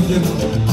Deus.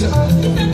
Gotcha.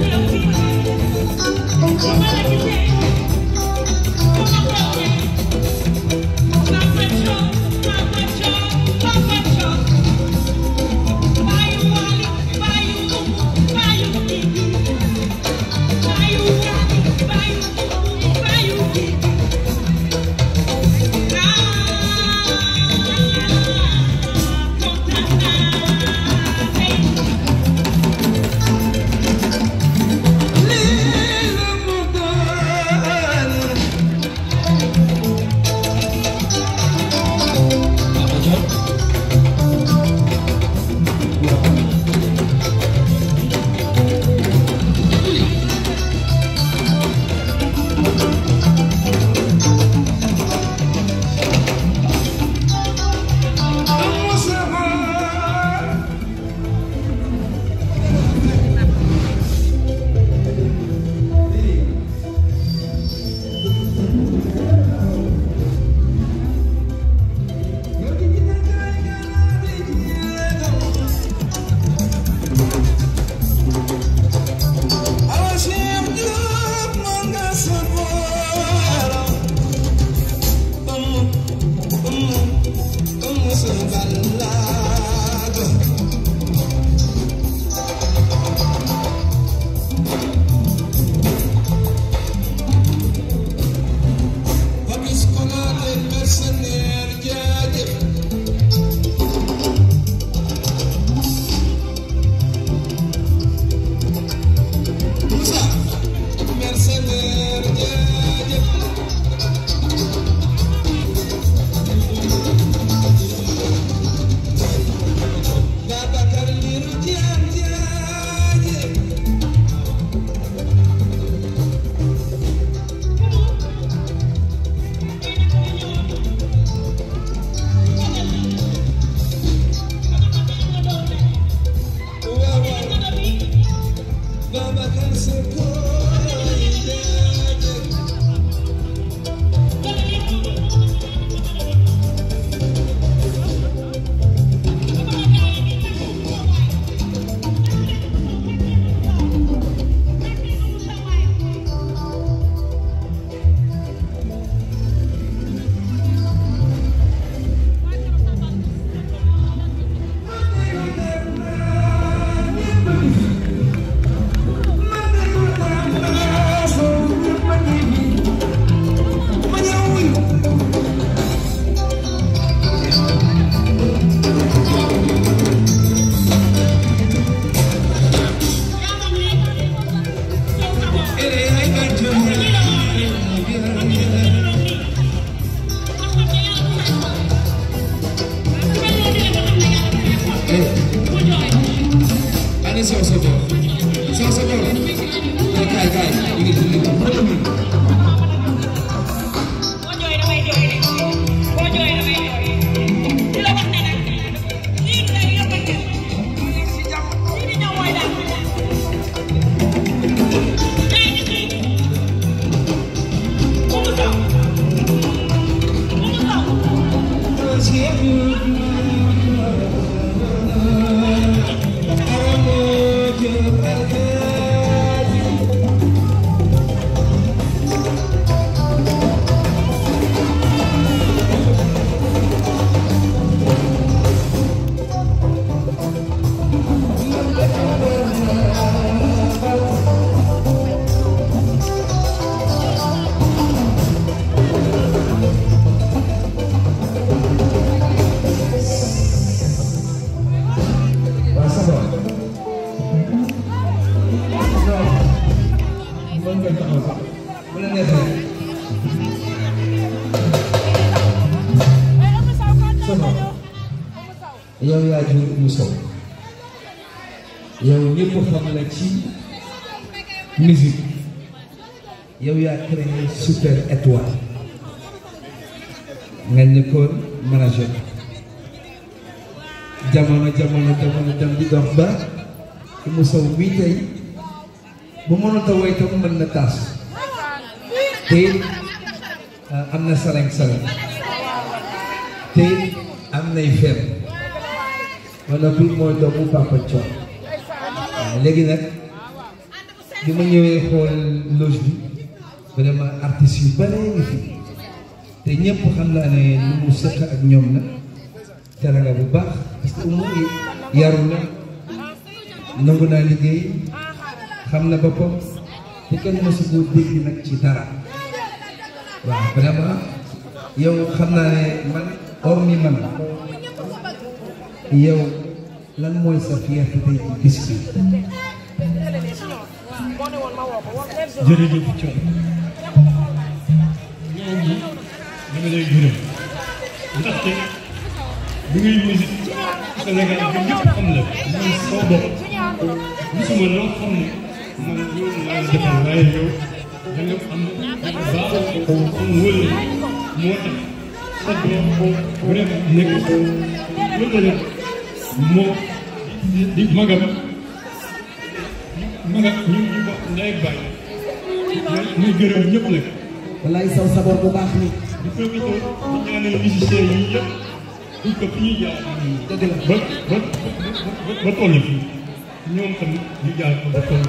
Buenísimo, Ibnu Sow yow ñëpp xam la ci musique yow yaa créé super étoile nga nekkoon manager jamono jamono jamono dem di dox ba Ibnu Sow mii tey bu mënut a woy tam mën na taas te ah, am na sarang sarang te am nay fer Manabul mooy doomu Papa Thion waaw léegi nag bi ma ñëwee xool loge bi vraiment artistes yu bare ngi fi te ñëpp xam naa ne lu mu sëkk ak ñoom na teranga bu baax parce que umu yaru na nangu naa liggéey xam na boppam te kenn mësu koo dégg nag ci dara waaw vraiment yow xam naa ne man or yow lan mooy sa fierté tey ci bis bi. jërëjëf Thion. yow mii dama lay gërëm ndaxte bi ngay musique Sénégal bi ñëpp xam la man soo bopp gisuma loo xam ne man loolu laa defal waaye yow da nga am baaxul ko am wële moo tax sa doom vraiment nekk loolu la moo di magam magam ñu ñu bokk ndey ak bàyyi muy gërëm ñëpp nag wallaay saw saboor bu baax ni di profité di ñaanal musicien yi yëpp pour que fi ñuy jaar dëgg la ba ba ba toll fii ñoom tamit ñu jaar ko ba toll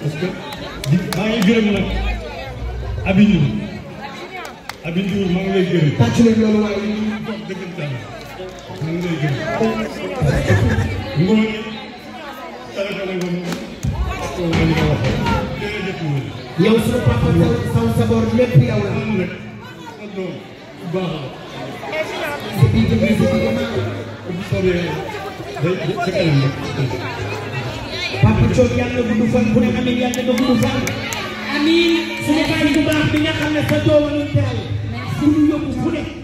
parce que di maa ngi gërëm nag Abi Ndour Abi Ndour maa ngi lay gërëm tàcc leen loolu waaye ñu jox dëggantaan ñu ngi lay gërëm ngóor ñi tàggatoo nañ ko moom moom la ñu ko waxee jërëjëf ngóor ñi. yow sa papa sa sa bor lépp yow la. moom nag sa doom bu baax la. sa biir bi biir bi bu soobee day ca kanam la. papa Thion yàlla gudd fan bu ne amiin yàlla nga gudd fan. amiin suñu bàyyi bu baax bi nga xam ne sa doom a ñu teral. suñu yóbbu fu ne.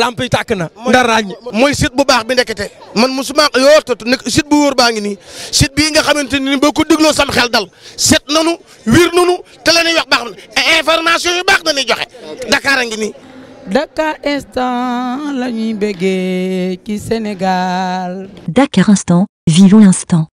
lamp yi tàkk na. nga ràññ mooy site bu baax bi ndekete. man mosuma yootatu ne site bu wóor baa ngi nii sit bii nga xamante ni boo ko dégloo sam xel dal set nanu wir nanu te la ñuy wax baax na e information yu baax dañuy joxe Dakar a ngi nii. Dakar Instant la ñuy bëggee ci Sénégal. Dakar Instant, vivons l'instant.